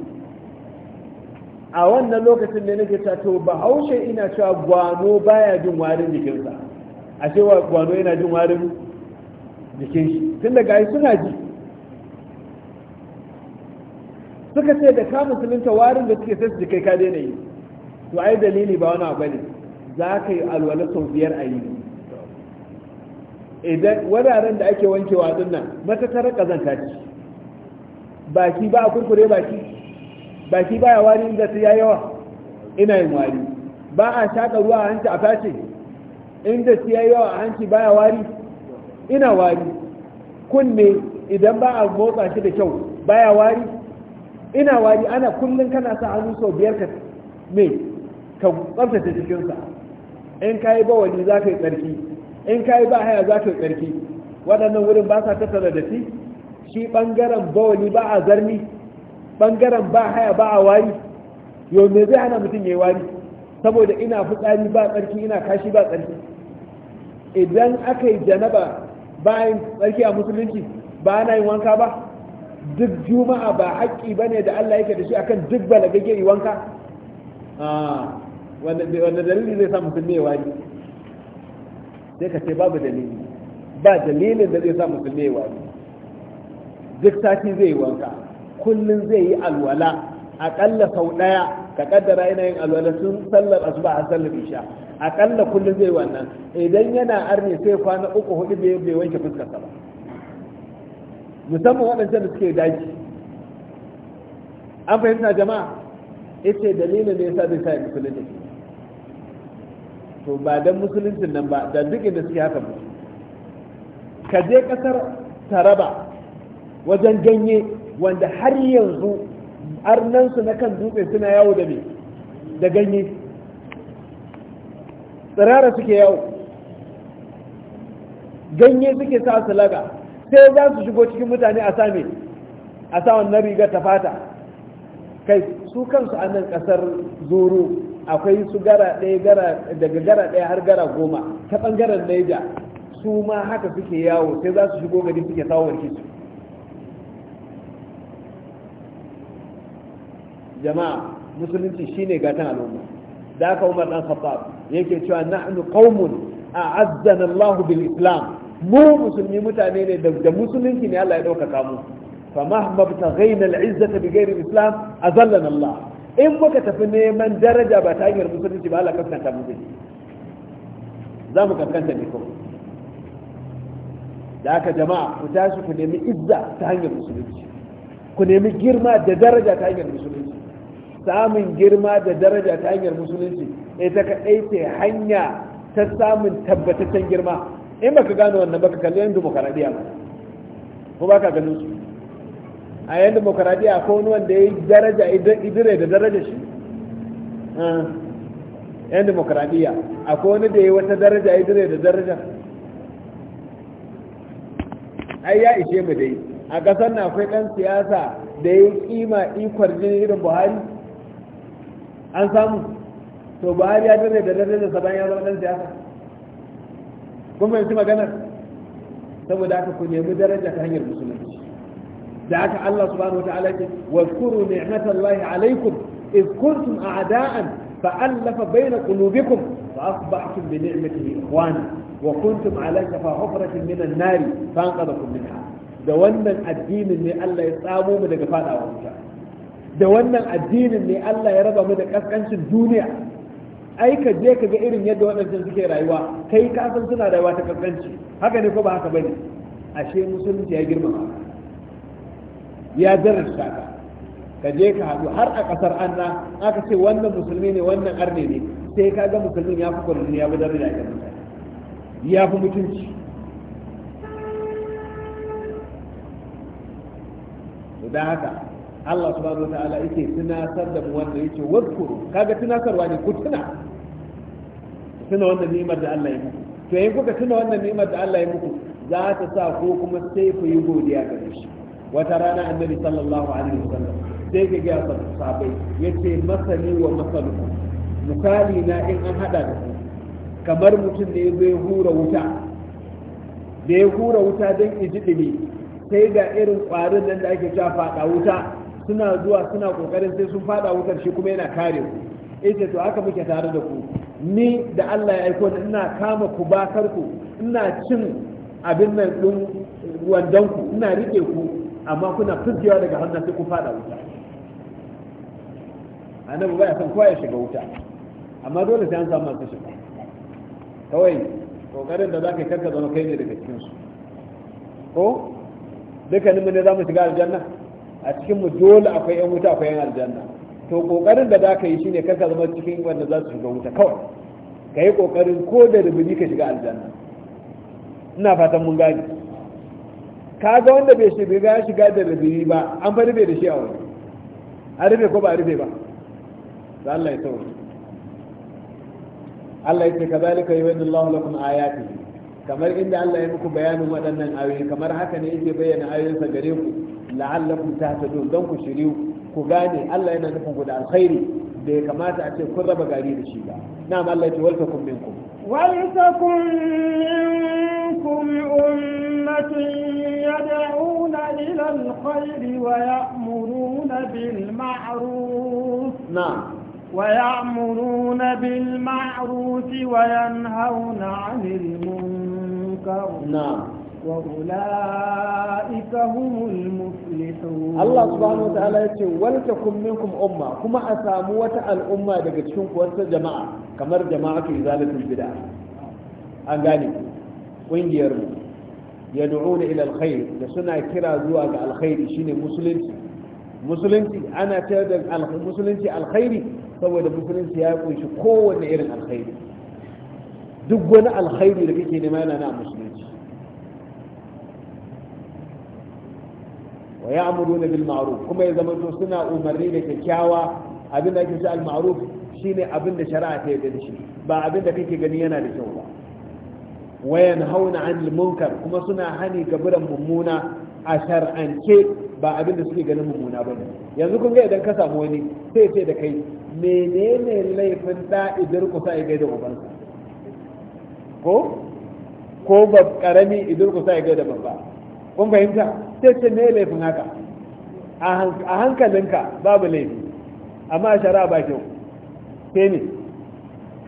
Speaker 1: a wannan lokacin da nake ta to bahaushe ina cewa gwano baya jin warin jikinsa a cewa gwano yana jin warin jikin shi tun daga yi suna ji suka ce da ka musulunta warin da suke sai su jikai ka daina yi to ai dalili ba wani abu ne za ka yi alwala sau biyar a yi idan wuraren da ake wankewa dinnan matakar kazanta ce baki ba a kurkure baki baki ba ya wari inda ta yawa ina yin wari ba a shaƙa ruwa a hanci a fashe inda ta yawa a hanci ba ya wari ina wari kunne idan ba a motsa shi da kyau ba ya wari ina wari ana kullum kana sa hannu sau biyar ka me ka tsaftace cikinsa in ka yi bawali za ka yi tsarki in ka yi ba haya za ka yi tsarki waɗannan wurin ba sa tattara da shi shi ɓangaren wani ba a zarni ɓangaren ba haya ba a wari yau me zai hana mutum ya yi wari saboda ina fitsari ba tsarki ina kashi ba tsarki idan aka yi janaba bayan tsarki a musulunci ba ana yin wanka ba duk juma'a ba haƙƙi ba ne da allah yake da shi akan duk balagage yi wanka wanda dalili zai sa mutum ya wari sai ka ce babu dalili ba dalilin da zai sa mutum ya wari duk sati zai wanka kullum zai yi alwala aƙalla sau ɗaya ka kaddara yana yin alwala sun sallar asuba a sallar isha aƙalla kullum zai wannan idan yana arne sai kwana uku hudu bai wanke fuskarsa ba musamman waɗancan da suke daji an fahimta jama'a ita dalilin da yasa bai sa ya musulunci to ba dan musuluncin nan ba da duk inda suke haka ba ka je kasar taraba wajen ganye wanda har yanzu arnansu na kan dutse suna yawo da da ganye tsirara suke yawo ganye suke sa su laga sai za su shigo cikin mutane a same a sa wannan rigar ta fata kai su kansu a nan kasar zoro akwai su gara ɗaya daga gara ɗaya har gara goma ta ɓangaren naija su ma haka suke yawo sai za su shigo gari suke sawo warki su jama'a musulunci shine gatan al'umma da aka umar dan khattab yake cewa nahnu qaumun a'azzana Allah bil islam mu musulmi mutane ne da musulunci ne Allah ya ɗaukaka mu fa mahma btaghaina al izzata bi ghairi islam azallana Allah in muka tafi neman daraja ba ta hanyar musulunci ba Allah kaskanta mu za mu kankanta ne ko da haka jama'a ku tashi ku nemi izza ta hanyar musulunci ku nemi girma da daraja ta hanyar musulunci samun girma da daraja ta hanyar musulunci ita kaɗai ce hanya ta samun tabbataccen girma in baka gano wannan baka kalli yan demokaradiyya ba ko ba ka ganin su a yan demokaradiyya ko wani wanda ya yi daraja idire da daraja shi ah. yan demokaradiyya akwai wani da ya yi wata daraja idire da daraja ai ya ishe mu dai a ƙasar na akwai ɗan siyasa da ya yi kima ikon jini irin buhari an samu to buhari ya dare da dare da saban ya zama dan siyasa kun fahimci maganar saboda haka ku nemi daraja ta hanyar musulunci da aka Allah subhanahu wataala ce wazkuru ni'matallahi alaikum إذ كنتم أعداء فألف بين قلوبكم فأصبحتم بنعمته إخوانا وكنتم على شفا حفرة من النار فأنقذكم منها da wannan addinin ne Allah ya tsamo mu daga fadawa wuta da wannan addinin ne Allah ya raba mu da kaskancin duniya ai ka je ka ga irin yadda waɗancan suke rayuwa kai ka san suna rayuwa ta kaskanci haka ne ko ba haka bane ashe musulunci ya girmama ya darasta ka ka je ka haɗu har a ƙasar anna aka ce wannan musulmi ne wannan arne ne sai ka ga musulmin ya fi kwanin ya fi da ga mutane ya fi mutunci da haka Allah subhanahu wa ta'ala yake tunatar da mu wanda yake warkuru kaga tunatarwa ne ku tuna tuna wannan ni'imar da Allah ya muku to yayin kuka tuna wannan ni'imar da Allah ya muku za ta sa ko kuma sai ku yi godiya ga shi wata rana annabi sallallahu alaihi wasallam sai ga ga sahabbai yace masali wa masalu mukali na in an hada da ku kamar mutum ne zai hura wuta da ya hura wuta don ijidimi sai ga irin ƙwarin nan da ake cewa faɗa wuta suna zuwa suna kokarin sai sun fada wutar shi kuma yana kare ku ita to haka muke tare da ku ni da Allah ya aiko ni ina kama ku basar ku ina cin abin nan din wandan ku ina rike ku amma kuna fizgewa daga hannun sai ku fada wuta annabi baya san kowa ya shiga wuta amma dole sai an samu masu shiga kawai kokarin da zaka karka zama kai ne daga cikin su ko dukkanin mu ne za mu shiga aljanna a cikin mu dole akwai yan wuta akwai yan aljanna to kokarin da za ka yi shine kar ka zama cikin wanda za su shiga wuta kawai ka yi kokarin ko da rubuji ka shiga aljanna ina fatan mun gane ka ga wanda bai shiga ya shiga da rubuji ba an fa rufe da shi a wani a rufe ko ba a rufe ba da Allah ya tsawon Allah ya ce kazalika yubayyinu Allahu lakum ayati kamar inda Allah ya muku bayanin waɗannan ayoyi kamar haka ne yake bayyana ayoyinsa gare ku la'allakum tahtadun dan ku shiriyu ku gane Allah yana nufin ku da alkhairi da ya kamata a ce kun raba gari da shi ba na'am Allah ya ce waltakum minkum
Speaker 2: ولتكن منكم أمة يدعون إلى الخير ويأمرون بالمعروف نعم ويأمرون بالمعروف وينهون عن المنكر نعم وأولئك هم المفلحون الله سبحانه وتعالى
Speaker 1: يقول ولتكن منكم أمة كما أساموا الأمة دقتشون قوات جماعة كمر جماعة إزالة البدع أنقاني وين يرمو يدعون إلى الخير لسنا كرا زواج الخير شيني مسلمتي مسلمتي أنا تادق مسلمتي الخيري سوى مسلمتي يقول شو قوة إيرن الخيري دقونا الخيري لكي نمانا نعم مسلمتي wa bil ma'ruf kuma ya zama to suna umarni da kyakkyawa abin da ake ce al ma'ruf shine abin da shari'a ta yarda da shi ba abin da kake gani yana da kyau ba wa yanhauna 'anil munkar kuma suna hani gaburan mummuna a shar'ance ba abin da suke ganin mummuna ne. yanzu kun ga idan ka samu wani sai ce da kai menene laifin da idan ku sai da ubansa ko ko ba karami idan ku sai gaida babba kun fahimta sai ce laifin haka a hankalinka babu laifi amma a shari'a ba kyau ke ne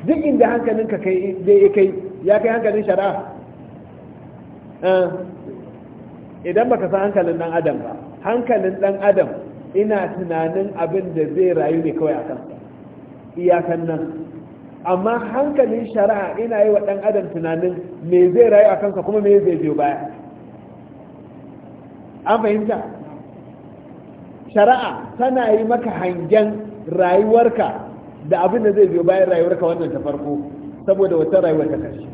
Speaker 1: duk inda hankalinka zai kai ya kai hankalin shari'a eh. idan baka san hankalin dan adam ba hankalin dan adam ina tunanin abin da zai rayu ne kawai a kan iyakan nan amma hankalin shari'a ina yi wa dan adam tunanin me zai rayu a kansa kuma me zai biyo baya an fahimta shari'a tana yi maka hangen rayuwarka da abin da zai biyo bayan rayuwarka wannan ta farko saboda wata rayuwar ta karshe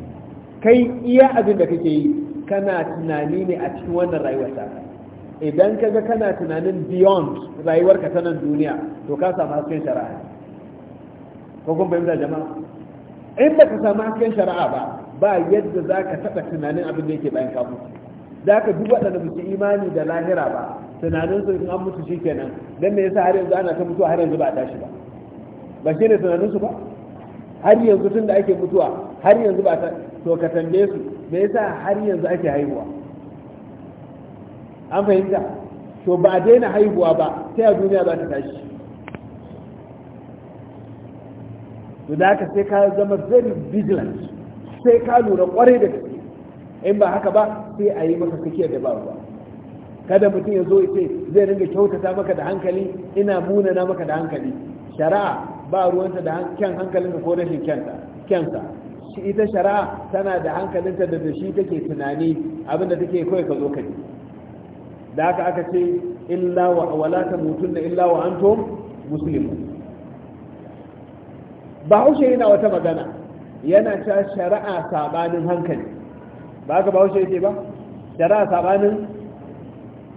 Speaker 1: kai iya abin da kake yi kana tunani ne a cikin wannan rayuwar ta idan ka ga kana tunanin beyond rayuwarka ta nan duniya to ka samu hasken shari'a ko kun fahimta jama'a in ba ka samu hasken shari'a ba ba yadda za ka taɓa tunanin abin da yake bayan ka da aka duk waɗanda ba su imani da lahira ba tunanin su in an mutu shi kenan don me yasa har yanzu ana ta mutuwa har yanzu ba a tashi ba ba shi ne tunanin su ba har yanzu tun da ake mutuwa har yanzu ba ta to ka tambaye su me yasa har yanzu ake haihuwa an fahimta to ba a daina haihuwa ba sai a duniya za ta tashi to da aka sai ka zama very vigilant sai ka lura kwarai da gaske in ba haka ba sai a yi maka kakiyar da ba ruwa kada mutum ya zo ce zai ringa kyautata maka da hankali ina munana maka da hankali shari'a ba ruwanta da kyan hankalinka ko rashin kyanta shi ita shari'a tana da hankalinta da da shi take tunani abin da take kawai ka zo ka ji da haka aka ce illa wa wala mutunna illa wa antum muslimu ba haushe yana wata magana yana ta shari'a sabanin hankali ba ka ba yake ba shari'a sabanin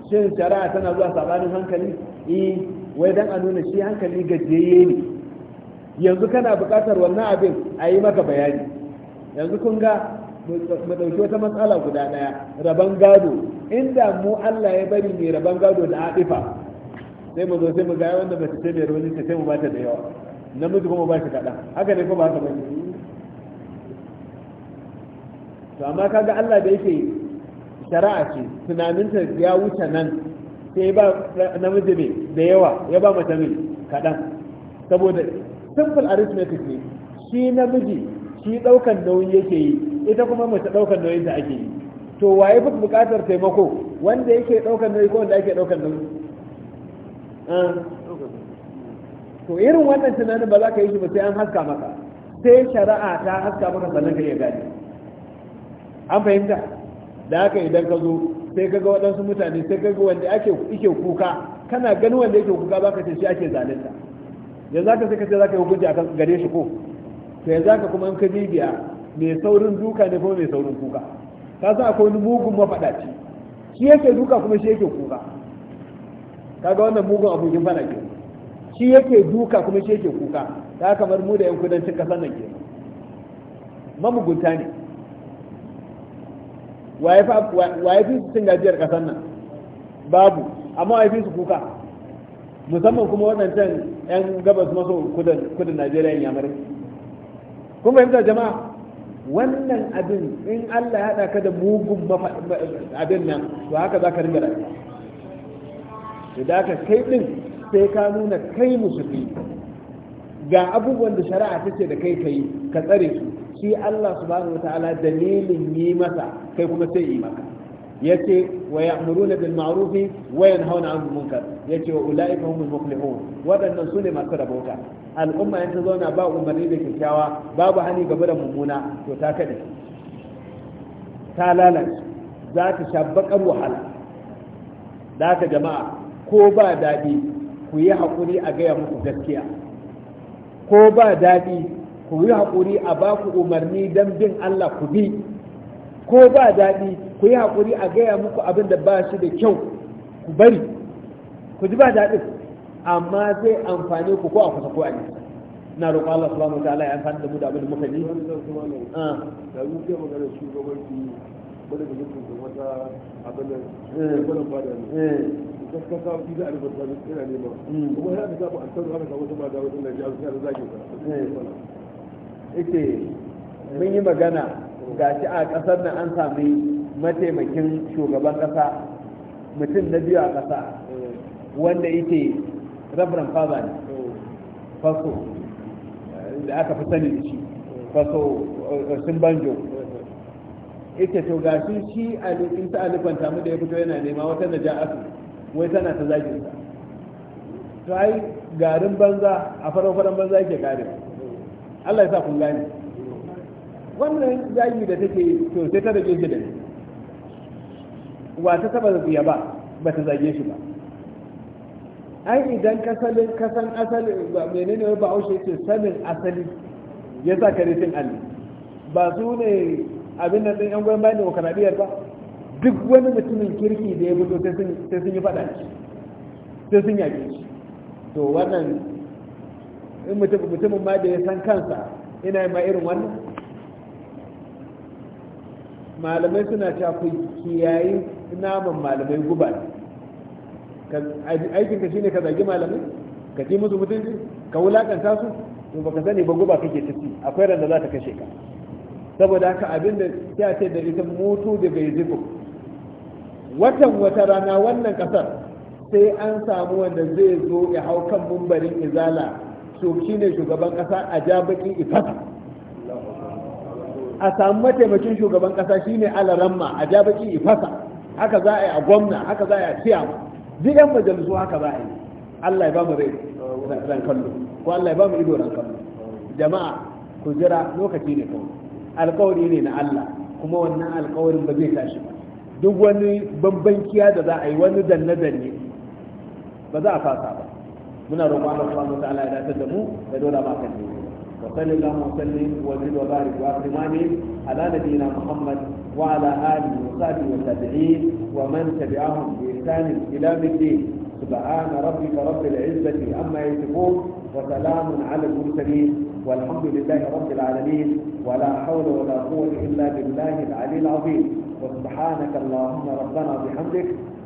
Speaker 1: shin shari'a tana zuwa sabanin hankali eh wai dan a nuna shi hankali gajiyayye ne yanzu kana buƙatar wannan abin a yi maka bayani yanzu kun ga mu ɗauki wata matsala guda ɗaya rabon gado inda mu Allah ya bari mai rabon gado da aɗifa sai mu zo sai mu ga wanda su ce mai rauni sai mu ta da yawa namiji kuma ba shi kaɗan haka ne kuma ba haka ba to amma kaga Allah da yake shari'a ce tunaninta ya wuce nan sai ba namiji ne da yawa ya ba mace ne kaɗan saboda simple arithmetic ne shi namiji shi ɗaukan nauyi yake yi ita kuma mace ɗaukan nauyin da ake yi to waye fi buƙatar taimako wanda yake ɗaukan nauyi ko wanda ake ɗaukan nauyi ah. to irin wannan tunanin ba za ka yi shi ba sai an haska maka sai shari'a ta haska maka sannan ka iya gani. an fahimta da haka idan ka zo sai ka ga waɗansu mutane sai ka ga wanda ake ike kuka kana gani wanda yake kuka ba ka ce shi ake zalunta ya za ka sai ka ce za ka yi hukunci a gare shi ko to za ka kuma in ka bibiya mai saurin duka ne kuma mai saurin kuka ka san akwai wani mugun mafaɗaci shi yake duka kuma shi yake kuka ka ga wannan mugun abokin fana ke shi yake duka kuma shi yake kuka ta kamar mu da yan kudancin kasar nan ke mamugunta ne waye fi su cin gajiyar kasar nan babu amma waye fi su kuka musamman kuma waɗancan 'yan gabas maso kudin najeriya yamare kun fahimta jama'a wannan abin in allah ya haɗa ka da mugun abin nan to haka za ka ringa rayuwa idan ka kai ɗin sai ka nuna kai musulmi ga abubuwan da shari'a ta ce da kai ka yi ka tsare su shi Allah subhanahu wataala dalilin yi masa kai kuma sai yi maka yace wa ya'muruna bil ma'ruf wa yanhauna 'anil munkar yace wa ulaika humul muflihun wadannan sune masu rabota. al'umma in ta zauna ba umarni da kyakkyawa babu hani gaba da mummuna to ta kade ta lalace za ta shabbakan wahala da ka jama'a ko ba daɗi ku yi haƙuri a gaya muku gaskiya ko ba daɗi ku yi haƙuri a ba ku umarni don bin Allah ku bi ko ba daɗi ku yi haƙuri a gaya muku abin da ba shi da kyau ku bari ku ji ba daɗi amma zai amfani ku ko a kusa ko a nisa na roƙon Allah subhanahu wa ta'ala ya amfani da mu da abin da muka ji gaskasa ah. fi da albarka eh. eh. hmm. kuma ya da zaɓa a tsaro haka kamar da da wajen da ji da zagin sa ita mun yi magana ga shi a ƙasar nan an sami mataimakin shugaban ƙasa mutum na biyu a ƙasa wanda ita rabran faba ne faso da aka fi sani da shi faso eh, eh, sun banjo ita to ga shi shi lokacin ta alifan mu da ya fito yana nema wata na asu wai tana ta zagin sa to ai garin banza a faran banza yake garin Allah ya sa kun gane wannan yayi da take to sai ta rage gidan wa ta saba ziya ba ba ta zage shi ba ai idan ka ka san asali menene ba aushe ce sanin asali ya sa kare cin alli ba su ne abin da ɗin yan goyon bayan kanadiyar ba duk wani mutumin kirki da ya fito sai sun yi faɗa sai sun yaƙe shi to wannan in mutumin ma da ya san kansa ina ma irin wannan malamai suna cewa ku kiyayi naman malamai guba aikinka shine ka zagi malamai ka ji musu mutunci ka wulakanta su to baka sani ba guba kake tafi akwai randa za ta kashe ka saboda haka abin da ya ce da ita mutu da bai ziko watan wata rana wannan kasar sai an samu wanda zai zo ya hau kan mumbarin izala shi ne shugaban ƙasa a ja baki ifata a samu mataimakin shugaban ƙasa shi ne alaramma a ja baki ifata haka za a yi a gwamna haka za a yi a ciyama duk yan majalisu haka za a yi Allah ya ba mu rai ran kallo ko Allah ya ba mu ido ran kallo jama'a ku jira lokaci ne kawai alƙawari ne na Allah kuma wannan alƙawarin ba zai tashi ba duk wani bambanciya da za a yi wani danne danne ba za a fasa ba من ربنا سبحانه وتعالى إذا تدموا ما باكن وصلي اللهم وسلم وزد وبارك وأخرماني على نبينا محمد وعلى آله وصحبه والتابعين ومن تبعهم بإحسان إلى الدين سبحان ربك رب العزة عما يصفون وسلام على المرسلين والحمد لله رب العالمين ولا حول ولا قوة إلا بالله العلي العظيم وسبحانك اللهم ربنا بحمدك